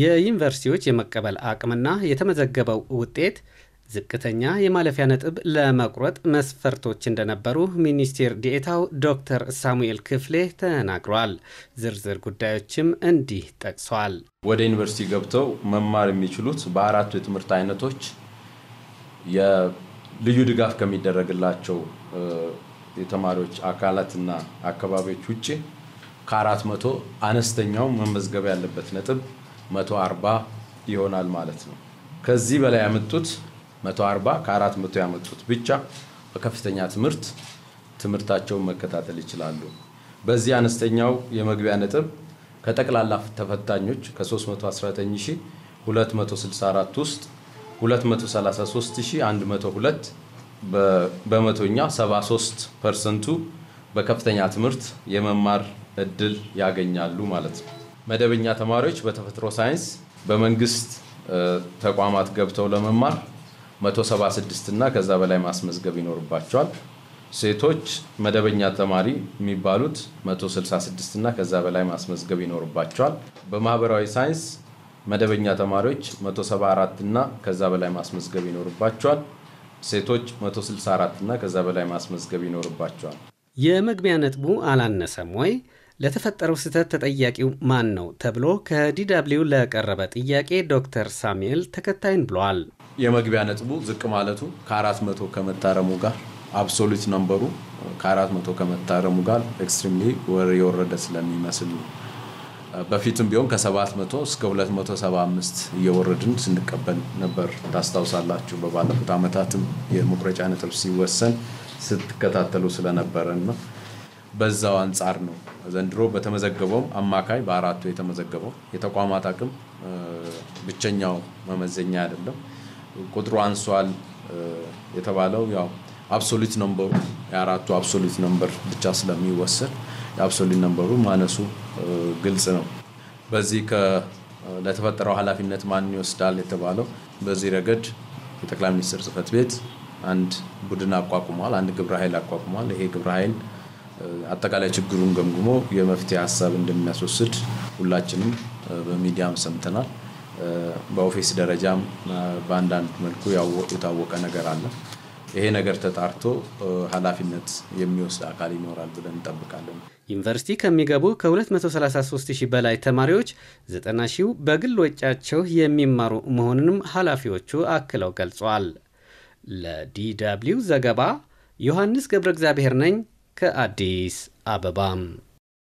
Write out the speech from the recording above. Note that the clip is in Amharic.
የዩኒቨርሲቲዎች የመቀበል አቅምና የተመዘገበው ውጤት ዝቅተኛ የማለፊያ ነጥብ ለመቁረጥ መስፈርቶች እንደነበሩ ሚኒስቴር ዲኤታው ዶክተር ሳሙኤል ክፍሌ ተናግሯል። ዝርዝር ጉዳዮችም እንዲህ ጠቅሷል። ወደ ዩኒቨርሲቲ ገብተው መማር የሚችሉት በአራቱ የትምህርት አይነቶች ልዩ ድጋፍ ከሚደረግላቸው የተማሪዎች አካላትና አካባቢዎች ውጭ ከአራት መቶ አነስተኛው መመዝገብ ያለበት ነጥብ 140 ይሆናል ማለት ነው። ከዚህ በላይ ያመጡት 140 ከአራት መቶ ያመጡት ብቻ በከፍተኛ ትምህርት ትምህርታቸውን መከታተል ይችላሉ። በዚህ አነስተኛው የመግቢያ ነጥብ ከጠቅላላ ተፈታኞች ከ319264 ውስጥ 233102 በመቶኛ 73 ፐርሰንቱ በከፍተኛ ትምህርት የመማር እድል ያገኛሉ ማለት ነው። መደበኛ ተማሪዎች በተፈጥሮ ሳይንስ በመንግስት ተቋማት ገብተው ለመማር 176 እና ከዛ በላይ ማስመዝገብ ይኖርባቸዋል። ሴቶች መደበኛ ተማሪ የሚባሉት 166 እና ከዛ በላይ ማስመዝገብ ይኖርባቸዋል። በማህበራዊ ሳይንስ መደበኛ ተማሪዎች 174 እና ከዛ በላይ ማስመዝገብ ይኖርባቸዋል። ሴቶች 164 እና ከዛ በላይ ማስመዝገብ ይኖርባቸዋል። የመግቢያ ነጥቡ አላነሰም ወይ? ለተፈጠረው ስህተት ተጠያቂው ማን ነው ተብሎ ከዲደብሊው ለቀረበ ጥያቄ ዶክተር ሳሙኤል ተከታይን ብለዋል። የመግቢያ ነጥቡ ዝቅ ማለቱ ከ400 ከመታረሙ ጋር አብሶሉት ነምበሩ ከ400 ከመታረሙ ጋር ኤክስትሪምሊ የወረደ ስለሚመስል ነው። በፊትም ቢሆን ከ700 እስከ 275 እየወረድን ስንቀበል ነበር። ታስታውሳላችሁ። በባለፉት ዓመታትም የመቁረጫ ነጥብ ሲወሰን ስትከታተሉ ስለነበረን ነው። በዛው አንጻር ነው ዘንድሮ በተመዘገበውም አማካይ በአራቱ የተመዘገበው የተቋማት አቅም ብቸኛው መመዘኛ አይደለም። ቁጥሩ አንሷል የተባለው ያው አብሶሉት ነምበሩ የአራቱ አብሶሉት ነንበር ብቻ ስለሚወሰድ የአብሶሉት ነምበሩ ማነሱ ግልጽ ነው። በዚህ ለተፈጠረው ኃላፊነት ማን ይወስዳል የተባለው በዚህ ረገድ የጠቅላይ ሚኒስትር ጽህፈት ቤት አንድ ቡድን አቋቁሟል። አንድ ግብረ ኃይል አቋቁሟል። ይሄ ግብረ ኃይል አጠቃላይ ችግሩን ገምግሞ የመፍትሄ ሀሳብ እንደሚያስወስድ ሁላችንም በሚዲያም ሰምተናል። በኦፊስ ደረጃም በአንዳንድ መልኩ የታወቀ ነገር አለ። ይሄ ነገር ተጣርቶ ኃላፊነት የሚወስድ አካል ይኖራል ብለን እንጠብቃለን። ዩኒቨርሲቲ ከሚገቡ ከ233 ሺህ በላይ ተማሪዎች 90 ሺው በግል ወጫቸው የሚማሩ መሆኑንም ኃላፊዎቹ አክለው ገልጿል። ለዲ ደብልዩ ዘገባ ዮሐንስ ገብረ እግዚአብሔር ነኝ። ከአዲስ አበባም